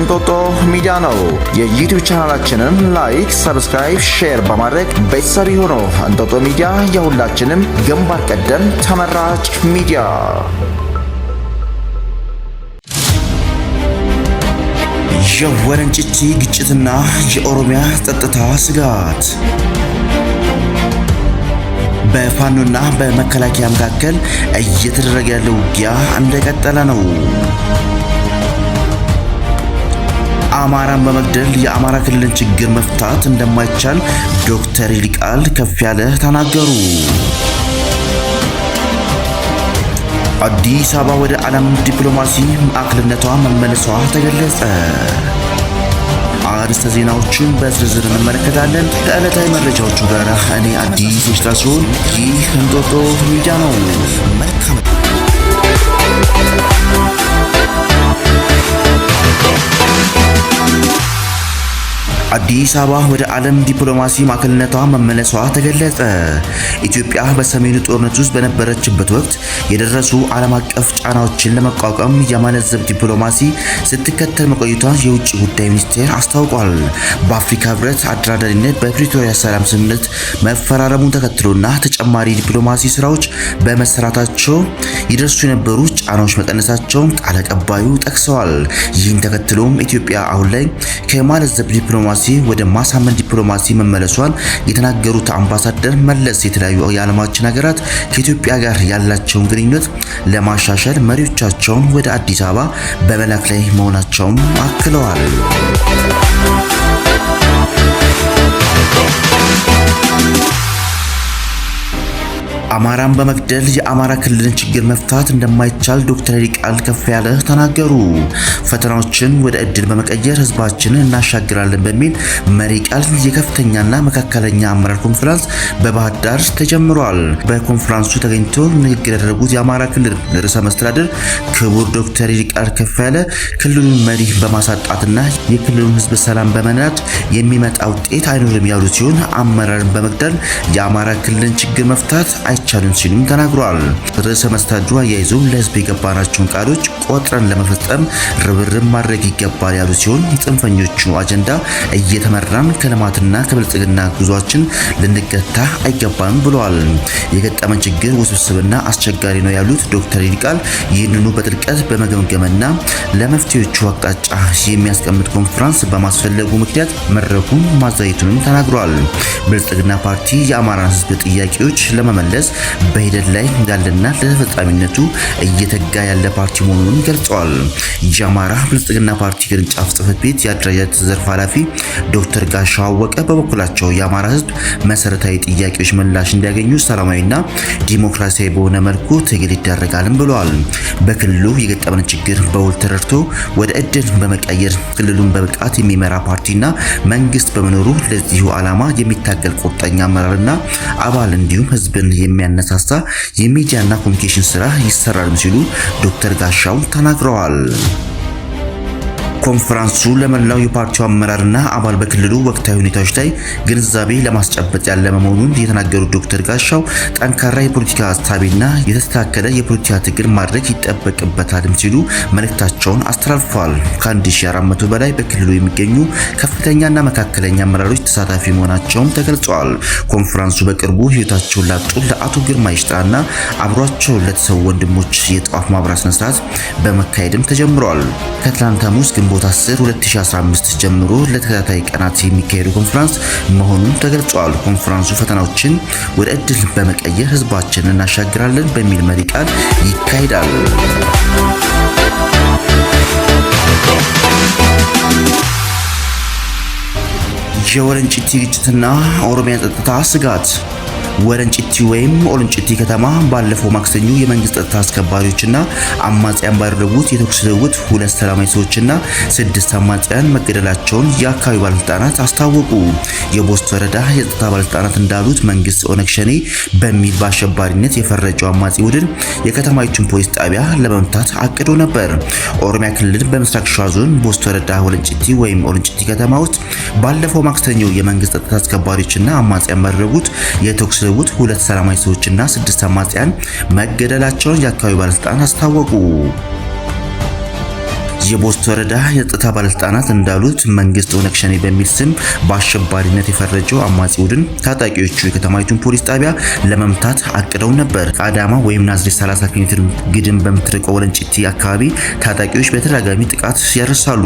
እንጦጦ ሚዲያ ነው። የዩቲዩብ ቻናላችንን ላይክ፣ ሰብስክራይብ፣ ሼር በማድረግ ቤተሰብ ይሁኑ። እንጦጦ ሚዲያ የሁላችንም ግንባር ቀደም ተመራጭ ሚዲያ የወረንጭቺ ግጭትና የኦሮሚያ ጸጥታ ስጋት በፋኖና በመከላከያ መካከል እየተደረገ ያለው ውጊያ እንደቀጠለ ነው። አማራን በመግደል የአማራ ክልልን ችግር መፍታት እንደማይቻል ዶክተር ይልቃል ያለ ተናገሩ። አዲስ አበባ ወደ ዓለም ዲፕሎማሲ ማዕከልነቷ መመለሷ ተገለጸ። አርዕስተ ዜናዎቹን በዝርዝር እንመለከታለን። ከዕለታዊ መረጃዎቹ ጋር እኔ አዲስ የሽታ ሲሆን ይህ እንጦጦ ሚዲያ ነው። መልካም አዲስ አበባ ወደ ዓለም ዲፕሎማሲ ማዕከልነቷ መመለሷ ተገለጸ። ኢትዮጵያ በሰሜኑ ጦርነት ውስጥ በነበረችበት ወቅት የደረሱ ዓለም አቀፍ ጫናዎችን ለመቋቋም የማለዘብ ዲፕሎማሲ ስትከተል መቆየቷን የውጭ ጉዳይ ሚኒስቴር አስታውቋል። በአፍሪካ ህብረት አደራዳሪነት በፕሪቶሪያ ሰላም ስምምነት መፈራረሙን ተከትሎና ተጨማሪ ዲፕሎማሲ ስራዎች በመሰራታቸው ይደርሱ የነበሩ ጫናዎች መቀነሳቸውን ቃል አቀባዩ ጠቅሰዋል። ይህን ተከትሎም ኢትዮጵያ አሁን ላይ ከማለዘብ ዲፕሎማሲ ዲፕሎማሲ ወደ ማሳመን ዲፕሎማሲ መመለሷን የተናገሩት አምባሳደር መለስ የተለያዩ የዓለማችን ሀገራት ከኢትዮጵያ ጋር ያላቸውን ግንኙነት ለማሻሻል መሪዎቻቸውን ወደ አዲስ አበባ በመላክ ላይ መሆናቸውም አክለዋል። አማራን በመግደል የአማራ ክልልን ችግር መፍታት እንደማይቻል ዶክተር ይልቃል ያለ ተናገሩ። ፈተናዎችን ወደ እድል በመቀየር ህዝባችንን እናሻግራለን በሚል መሪ ቃል የከፍተኛና መካከለኛ አመራር ኮንፈረንስ በባህር ዳር ተጀምሯል። በኮንፈረንሱ ተገኝቶ ንግግር ያደረጉት የአማራ ክልል ርዕሰ መስተዳድር ክቡር ዶክተር ይልቃል ከፈያለ ክልሉን መሪ በማሳጣትና የክልሉን ህዝብ ሰላም በመናድ የሚመጣ ውጤት አይኖርም ያሉ ሲሆን አመራርን በመግደል የአማራ ክልልን ችግር መፍታት አይቻልም አልቻሉም ሲሉም ተናግሯል። ርዕሰ መስተዳድሩ አያይዞም ለህዝብ የገባናቸውን ቃሎች ቆጥረን ለመፈጸም ርብርብ ማድረግ ይገባል ያሉ ሲሆን የጽንፈኞቹ አጀንዳ እየተመራን ከልማትና ከብልጽግና ጉዟችን ልንገታ አይገባም ብለዋል። የገጠመን ችግር ውስብስብና አስቸጋሪ ነው ያሉት ዶክተር ይልቃል ይህንኑ በጥልቀት በመገምገምና ለመፍትሄዎቹ አቅጣጫ የሚያስቀምጥ ኮንፈረንስ በማስፈለጉ ምክንያት መድረኩን ማዘጋጀቱንም ተናግሯል። ብልጽግና ፓርቲ የአማራን ህዝብ ጥያቄዎች ለመመለስ በሂደት ላይ እንዳለና ለተፈጻሚነቱ እየተጋ ያለ ፓርቲ መሆኑን ገልጸዋል። የአማራ ብልጽግና ፓርቲ ቅርንጫፍ ጽህፈት ቤት የአደረጃጀት ዘርፍ ኃላፊ ዶክተር ጋሻው አወቀ በበኩላቸው የአማራ ህዝብ መሰረታዊ ጥያቄዎች ምላሽ እንዲያገኙ ሰላማዊና ዲሞክራሲያዊ በሆነ መልኩ ትግል ይደረጋልም ብለዋል። በክልሉ የገጠመን ችግር በውል ተረድቶ ወደ እድል በመቀየር ክልሉን በብቃት የሚመራ ፓርቲና መንግስት በመኖሩ ለዚሁ ዓላማ የሚታገል ቁርጠኛ አመራርና አባል እንዲሁም ሕዝብን የሚያነሳሳ የሚዲያና ኮሚኒኬሽን ስራ ይሰራል ሲሉ ዶክተር ጋሻው ተናግረዋል። ኮንፈረንሱ ለመላው የፓርቲው አመራርና አባል በክልሉ ወቅታዊ ሁኔታዎች ላይ ግንዛቤ ለማስጨበጥ ያለመ መሆኑን የተናገሩት ዶክተር ጋሻው ጠንካራ የፖለቲካ ሀሳቢና የተስተካከለ የፖለቲካ ትግል ማድረግ ይጠበቅበታልም ሲሉ መልእክታቸውን አስተላልፈዋል። ከ1400 በላይ በክልሉ የሚገኙ ከፍተኛና መካከለኛ አመራሮች ተሳታፊ መሆናቸውም ተገልጸዋል። ኮንፈረንሱ በቅርቡ ህይወታቸውን ላጡ ለአቶ ግርማ ይሽጥራና አብሯቸው ለተሰው ወንድሞች የጠዋፍ ማብራት ስነስርዓት በመካሄድም ተጀምረዋል። ከትላንት ሐሙስ ከግንቦት 10 2015 ጀምሮ ለተከታታይ ቀናት የሚካሄደው ኮንፈረንስ መሆኑን ተገልጿል። ኮንፈረንሱ ፈተናዎችን ወደ እድል በመቀየር ህዝባችንን እናሻግራለን በሚል መሪ ቃል ይካሄዳል። የወረንጭት ግጭትና ኦሮሚያ ጸጥታ ስጋት ወረንጭቲ ወይም ኦልንጭቲ ከተማ ባለፈው ማክሰኞ የመንግስት ጸጥታ አስከባሪዎችና አማጽያን ባደረጉት የተኩስ ልውውጥ ሁለት ሰላማዊ ሰዎችና ስድስት አማጽያን መገደላቸውን የአካባቢው ባለስልጣናት አስታወቁ። የቦስት ወረዳ የጸጥታ ባለስልጣናት እንዳሉት መንግስት ኦነግ ሸኔ በሚል በአሸባሪነት የፈረጀው አማጺ ቡድን የከተማይቱን ፖሊስ ጣቢያ ለመምታት አቅዶ ነበር። ኦሮሚያ ክልል በምስራቅ ሸዋ ዞን ቦስት ወረዳ ወለንጭቲ ወይም ኦልንጭቲ ከተማ ውስጥ ባለፈው ማክሰኞ የመንግስት ጸጥታ አስከባሪዎችና አማጽያን ባደረጉት የተኩስ በተሰዉት ሁለት ሰላማዊ ሰዎችና ስድስት አማጽያን መገደላቸውን የአካባቢው ባለስልጣናት አስታወቁ። የቦስት ወረዳ የጸጥታ ባለስልጣናት እንዳሉት መንግስት ኦነግ ሸኔ በሚል ስም በአሸባሪነት የፈረጀው አማጺ ቡድን ታጣቂዎቹ የከተማይቱን ፖሊስ ጣቢያ ለመምታት አቅደው ነበር። አዳማ ወይም ናዝሬት 30 ኪሎ ሜትር ግድም በምትርቀው ወለንጭቲ አካባቢ ታጣቂዎች በተደጋጋሚ ጥቃት ያደርሳሉ።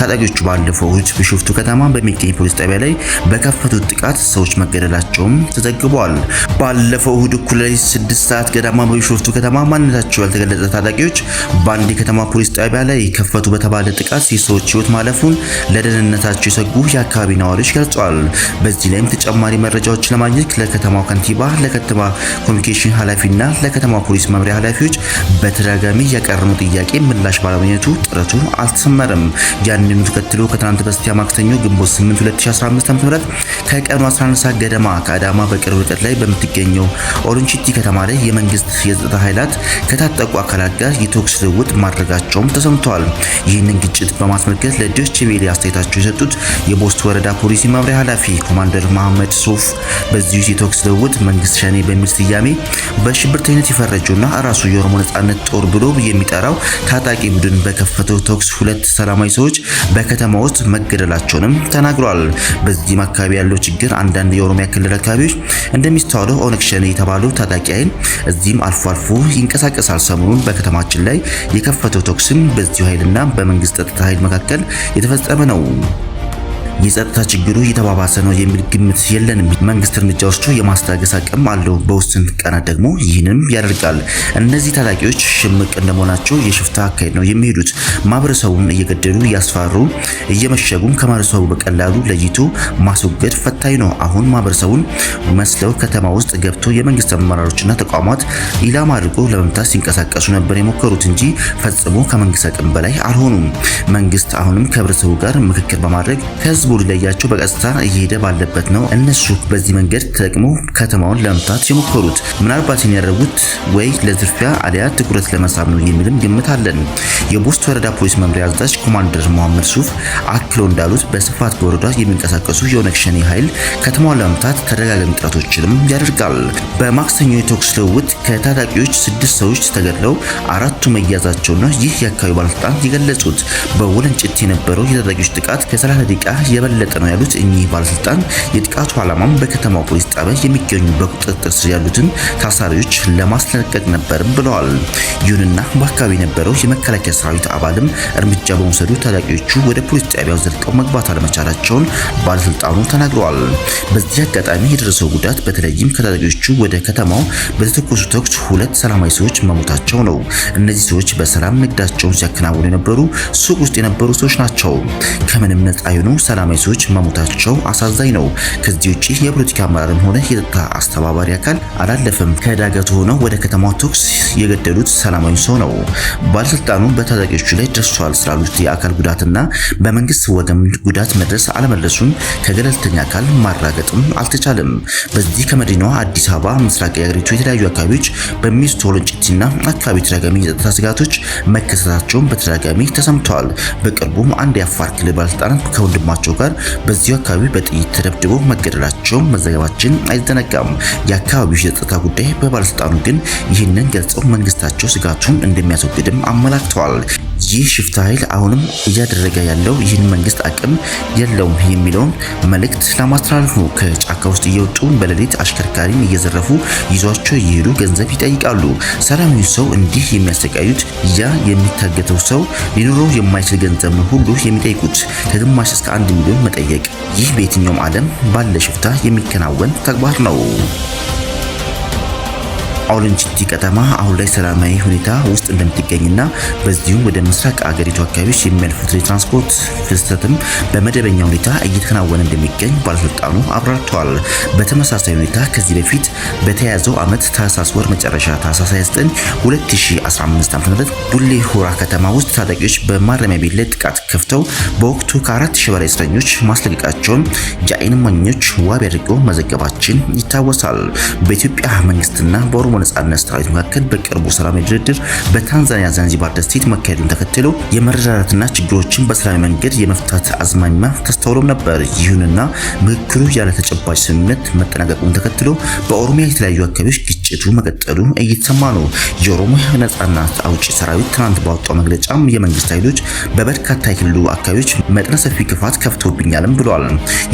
ታጣቂዎቹ ባለፈው እሁድ ቢሾፍቱ ከተማ በሚገኝ ፖሊስ ጣቢያ ላይ በከፈቱት ጥቃት ሰዎች መገደላቸውም ተዘግቧል። ባለፈው እሁድ እኩለ ሌሊት 6 ሰዓት ገዳማ በቢሾፍቱ ከተማ ማንነታቸው ያልተገለጸ ታጣቂዎች በአንድ የከተማ ፖሊስ ጣቢያ ላይ ከፈቱ ተደረገባቸው በተባለ ጥቃት ሶስት ሰዎች ህይወት ማለፉን ለደህንነታቸው የሰጉ የአካባቢ ነዋሪዎች ገልጸዋል። በዚህ ላይም ተጨማሪ መረጃዎችን ለማግኘት ለከተማው ከንቲባ፣ ለከተማ ኮሚኒኬሽን ኃላፊና ለከተማ ፖሊስ መምሪያ ኃላፊዎች በተደጋጋሚ ያቀረሙ ጥያቄ ምላሽ ባለመግኘቱ ጥረቱ አልተሰመረም። ያንኑ ተከትሎ ከትናንት በስቲያ ማክሰኞ ግንቦት 8 2015 ዓ.ም ከቀኑ 11 ሰዓት ገደማ ከአዳማ በቅርብ ርቀት ላይ በምትገኘው ኦሮንቺቲ ከተማ ላይ የመንግስት የጸጥታ ኃይላት ከታጠቁ አካላት ጋር የተኩስ ልውውጥ ማድረጋቸውም ተሰምተዋል። ይህንን ግጭት በማስመልከት ለዶይቼ ቬለ አስተያየታቸው የሰጡት የቦስት ወረዳ ፖሊሲ መምሪያ ኃላፊ ኮማንደር መሐመድ ሱፍ በዚሁ የተኩስ ልውውጥ መንግስት ሸኔ በሚል ስያሜ በሽብርተኝነት የፈረጀውና ራሱ የኦሮሞ ነጻነት ጦር ብሎ የሚጠራው ታጣቂ ቡድን በከፈተው ተኩስ ሁለት ሰላማዊ ሰዎች በከተማ ውስጥ መገደላቸውንም ተናግሯል። በዚህም አካባቢ ያለው ችግር አንዳንድ የኦሮሚያ ክልል አካባቢዎች እንደሚስተዋለው ኦነግ ሸኔ የተባለው ታጣቂ ኃይል እዚህም አልፎ አልፎ ይንቀሳቀሳል። ሰሞኑን በከተማችን ላይ የከፈተው ተኩስም በዚሁ ኃይልና በመንግስት ጸጥታ ኃይል መካከል የተፈጸመ ነው። የጸጥታ ችግሩ እየተባባሰ ነው የሚል ግምት የለንም። መንግስት እርምጃዎቹ የማስታገስ አቅም አለው። በውስን ቀናት ደግሞ ይህንም ያደርጋል። እነዚህ ታጣቂዎች ሽምቅ እንደመሆናቸው የሽፍታ አካሄድ ነው የሚሄዱት። ማህበረሰቡን እየገደሉ እያስፈራሩ፣ እየመሸጉም ከማህበረሰቡ በቀላሉ ለይቶ ማስወገድ ፈታኝ ነው። አሁን ማህበረሰቡን መስለው ከተማ ውስጥ ገብቶ የመንግስት አመራሮችና ተቋማት ኢላማ አድርጎ ለመምታት ሲንቀሳቀሱ ነበር የሞከሩት እንጂ ፈጽሞ ከመንግስት አቅም በላይ አልሆኑም። መንግስት አሁንም ከህብረተሰቡ ጋር ምክክር በማድረግ ከህዝብ ህዝቡ ሊለያቸው በቀጥታ እየሄደ ባለበት ነው እነሱ በዚህ መንገድ ተጠቅመው ከተማውን ለመምታት የሞከሩት። ምናልባትን ያደረጉት ወይ ለዝርፊያ አሊያ ትኩረት ለመሳብ ነው የሚልም ግምት አለን። የቦስት ወረዳ ፖሊስ መምሪያ አዛዥ ኮማንደር መሐመድ ሱፍ አክሎ እንዳሉት በስፋት በወረዳ የሚንቀሳቀሱ የኦነግ ሸኔ ኃይል ከተማውን ለመምታት ተደጋጋሚ ጥረቶችንም ያደርጋል። በማክሰኞ የተኩስ ልውውጥ ከታጣቂዎች ስድስት ሰዎች ተገድለው አራቱ መያዛቸውና ይህ የአካባቢ ባለስልጣን የገለጹት በወለንጭት የነበረው የታጣቂዎች ጥቃት ከ30 ደቂቃ የበለጠ ነው ያሉት እኚህ ባለስልጣን የጥቃቱ ዓላማም በከተማው ፖሊስ ጣቢያ የሚገኙ በቁጥጥር ስር ያሉትን ታሳሪዎች ለማስለቀቅ ነበርም ብለዋል። ይሁንና በአካባቢ የነበረው የመከላከያ ሰራዊት አባልም እርምጃ በመውሰዱ ታጣቂዎቹ ወደ ፖሊስ ጣቢያው ዘልቀው መግባት አለመቻላቸውን ባለስልጣኑ ተናግረዋል። በዚህ አጋጣሚ የደረሰው ጉዳት በተለይም ከታጣቂዎቹ ወደ ከተማው በተተኮሱ ተኩስ ሁለት ሰላማዊ ሰዎች መሞታቸው ነው። እነዚህ ሰዎች በሰላም ንግዳቸውን ሲያከናውኑ የነበሩ ሱቅ ውስጥ የነበሩ ሰዎች ናቸው። ከምንም ነጻ የሆኑ ሰላም ሰዎች መሞታቸው አሳዛኝ ነው። ከዚህ ውጪ የፖለቲካ አመራርም ሆነ የጸጥታ አስተባባሪ አካል አላለፈም። ከዳገቱ ሆነው ወደ ከተማ ተኩስ የገደሉት ሰላማዊ ሰው ነው። ባለስልጣኑ በታጣቂዎቹ ላይ ደርሷል ስላሉት የአካል ጉዳትና በመንግስት ወገን ጉዳት መድረስ አለመድረሱን ከገለልተኛ አካል ማራገጥም አልተቻለም። በዚህ ከመዲናዋ አዲስ አበባ ምስራቅ የአገሪቱ የተለያዩ አካባቢዎች በሚስተዋሉ ጭትና አካባቢ ተደጋጋሚ የጸጥታ ስጋቶች መከሰታቸውን በተደጋጋሚ ተሰምተዋል። በቅርቡም አንድ የአፋር ክልል ባለስልጣናት ከወንድማቸው ጋር በዚሁ አካባቢ በጥይት ተደብድቦ መገደላቸውም መዘገባችን አይዘነጋም። የአካባቢው የጸጥታ ጉዳይ በባለስልጣኑ ግን ይህንን ገልጸው መንግስታቸው ስጋቱን እንደሚያስወግድም አመላክተዋል። ይህ ሽፍታ ኃይል አሁንም እያደረገ ያለው ይህን መንግስት አቅም የለውም የሚለውን መልእክት ለማስተላለፍ ነው። ከጫካ ውስጥ እየወጡ በሌሊት አሽከርካሪን እየዘረፉ ይዟቸው እየሄዱ ገንዘብ ይጠይቃሉ። ሰላማዊ ሰው እንዲህ የሚያሰቃዩት፣ ያ የሚታገተው ሰው ሊኖረው የማይችል ገንዘብ ነው ሁሉ የሚጠይቁት፣ ከግማሽ እስከ አንድ ሚሊዮን መጠየቅ። ይህ በየትኛውም ዓለም ባለ ሽፍታ የሚከናወን ተግባር ነው። ኦልንጂቲ ከተማ አሁን ላይ ሰላማዊ ሁኔታ ውስጥ እንደምትገኝና በዚሁም ወደ ምስራቅ አገሪቱ አካባቢዎች የሚያልፉት የትራንስፖርት ፍሰትም በመደበኛ ሁኔታ እየተከናወነ እንደሚገኝ ባለስልጣኑ አብራርተዋል። በተመሳሳይ ሁኔታ ከዚህ በፊት በተያያዘው ዓመት ታህሳስ ወር መጨረሻ ታህሳስ 29 2015 ዓ.ም ቡሌ ሆራ ከተማ ውስጥ ታጣቂዎች በማረሚያ ቤት ላይ ጥቃት ከፍተው በወቅቱ ከአራት ሺህ በላይ እስረኞች ማስለቀቃቸውን የዓይን እማኞች ዋቢ አድርገው መዘገባችን ይታወሳል። በኢትዮጵያ መንግስትና በኦሮሞ የኦሮሞ ነጻነት ሰራዊት መካከል በቅርቡ ሰላም ድርድር በታንዛኒያ ዛንዚባር ደሴት መካሄዱን ተከትሎ የመረዳዳትና ችግሮችን በሰላማዊ መንገድ የመፍታት አዝማሚያ ተስተውሎም ነበር። ይሁንና ምክክሩ ያለ ተጨባጭ ስምምነት መጠናቀቁን ተከትሎ በኦሮሚያ የተለያዩ አካባቢዎች ግጭቱ መቀጠሉ እየተሰማ ነው። የኦሮሞ ነጻነት አውጪ ሰራዊት ትናንት ባወጣው መግለጫም የመንግስት ኃይሎች በበርካታ የክልሉ አካባቢዎች መጠነ ሰፊ ክፋት ከፍተውብኛልም ብለዋል።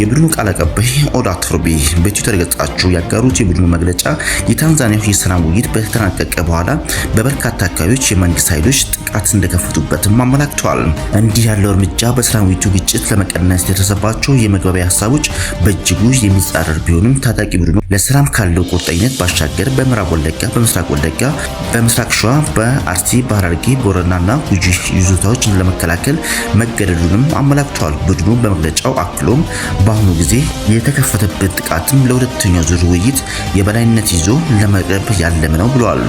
የቡድኑ ቃል አቀባይ ኦዳ ቱርቢ በትዊተር ገጻቸው ያጋሩት የቡድኑ መግለጫ የታንዛኒያው የሰላም ውይይት በተጠናቀቀ በኋላ በበርካታ አካባቢዎች የመንግስት ኃይሎች ጥቃት እንደከፈቱበትም አመላክተዋል። እንዲህ ያለው እርምጃ በሰላም ውይይቱ ግጭት ለመቀነስ የደረሰባቸው የመግባቢያ ሀሳቦች በእጅጉ የሚጻረር ቢሆንም ታጣቂ ቡድኑ ለሰላም ካለው ቁርጠኝነት ባሻገር በምዕራብ ወለጋ፣ በምስራቅ ወለጋ፣ በምስራቅ ሸዋ፣ በአርሲ፣ በሐረርጌ፣ ቦረናና ጉጂ ይዞታዎችን ለመከላከል መገደዱንም አመላክተዋል። ቡድኑ በመግለጫው አክሎም በአሁኑ ጊዜ የተከፈተበት ጥቃትም ለሁለተኛው ዙር ውይይት የበላይነት ይዞ ለመቅረብ ያለም ነው ብለዋል።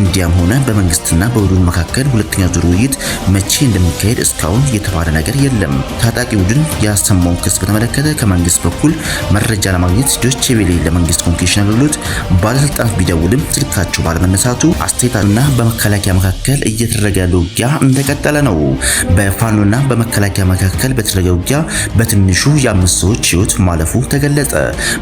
እንዲያም ሆነ በመንግስትና በቡድኑ መካከል ሁለተኛው ዙር ውይይት መቼ እንደሚካሄድ እስካሁን የተባለ ነገር የለም። ታጣቂ ቡድን ያሰማውን ክስ በተመለከተ ከመንግስት በኩል መረጃ ለማግኘት ዶቼ ቬለ ለመንግስት ኮሚኒኬሽን አገልግሎት ባለስልጣናት ቢደ ብደውልም ስልካቸው ባለመነሳቱ አስተያየታቸውና በመከላከያ መካከል እየተደረገ ያለው ውጊያ እንደቀጠለ ነው። በፋኖና በመከላከያ መካከል በተደረገ ውጊያ በትንሹ የአምስት ሰዎች ህይወት ማለፉ ተገለጸ።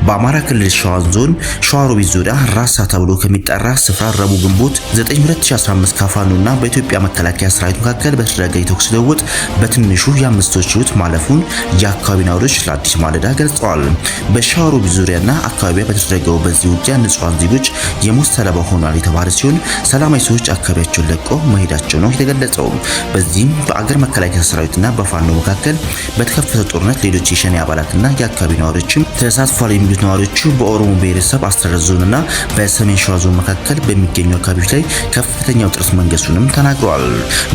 በአማራ ክልል ሸዋን ዞን ሸዋሮቢት ዙሪያ ራሳ ተብሎ ከሚጠራ ስፍራ ረቡዕ ግንቦት 9/2015 ከፋኖና በኢትዮጵያ መከላከያ ሰራዊት መካከል በተደረገ የተኩስ ልውውጥ በትንሹ የአምስት ሰዎች ህይወት ማለፉን የአካባቢ ነዋሪዎች ለአዲስ ማለዳ ገልጸዋል። በሸዋሮቢት ዙሪያና አካባቢያ በተደረገው በዚህ ውጊያ ንጹሃን ዜጎች የሞት ሰለባ ሆኗል የተባለ ሲሆን ሰላማዊ ሰዎች አካባቢያቸውን ለቆ መሄዳቸው ነው የተገለጸው። በዚህም በአገር መከላከያ ሰራዊትና በፋኖ መካከል በተከፈተ ጦርነት ሌሎች የሸኔ አባላትና የአካባቢ ነዋሪዎችም ተሳትፏል የሚሉት ነዋሪዎቹ በኦሮሞ ብሔረሰብ አስተዳደር ዞንና በሰሜን ሸዋ ዞን መካከል በሚገኙ አካባቢዎች ላይ ከፍተኛ ውጥረት መንገሱንም ተናግረዋል።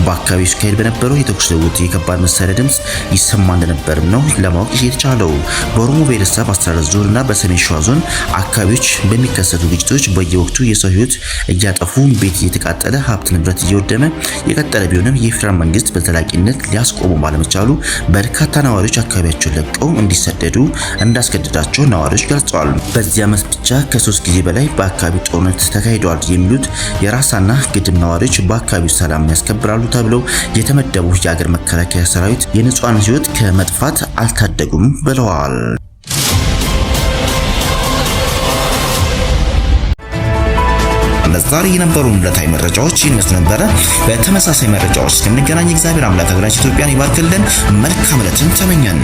በአካባቢው ሲካሄድ በነበረው የተኩስ ልውውጥ የከባድ መሳሪያ ድምፅ ይሰማ እንደነበርም ነው ለማወቅ የተቻለው። በኦሮሞ ብሔረሰብ አስተዳደር ዞንና በሰሜን ሸዋ ዞን አካባቢዎች በሚከሰቱ ግጭቶች በየ በየወቅቱ የሰው ህይወት እያጠፉ ቤት እየተቃጠለ ሀብት ንብረት እየወደመ የቀጠለ ቢሆንም የፌዴራል መንግስት በዘላቂነት ሊያስቆሙ ባለመቻሉ በርካታ ነዋሪዎች አካባቢያቸውን ለቀው እንዲሰደዱ እንዳስገደዳቸው ነዋሪዎች ገልጸዋል። በዚህ ዓመት ብቻ ከሶስት ጊዜ በላይ በአካባቢው ጦርነት ተካሂደዋል የሚሉት የራሳና ግድም ነዋሪዎች በአካባቢው ሰላም ያስከብራሉ ተብለው የተመደቡ የአገር መከላከያ ሰራዊት የንጹሐን ህይወት ከመጥፋት አልታደጉም ብለዋል። ዛሬ የነበሩ ዕለታዊ መረጃዎች ይነሱ ነበረ። በተመሳሳይ መረጃዎች እስከምንገናኝ እግዚአብሔር አምላክ ሀገራችን ኢትዮጵያን ይባርክልን። መልካም ዕለትን ተመኘን።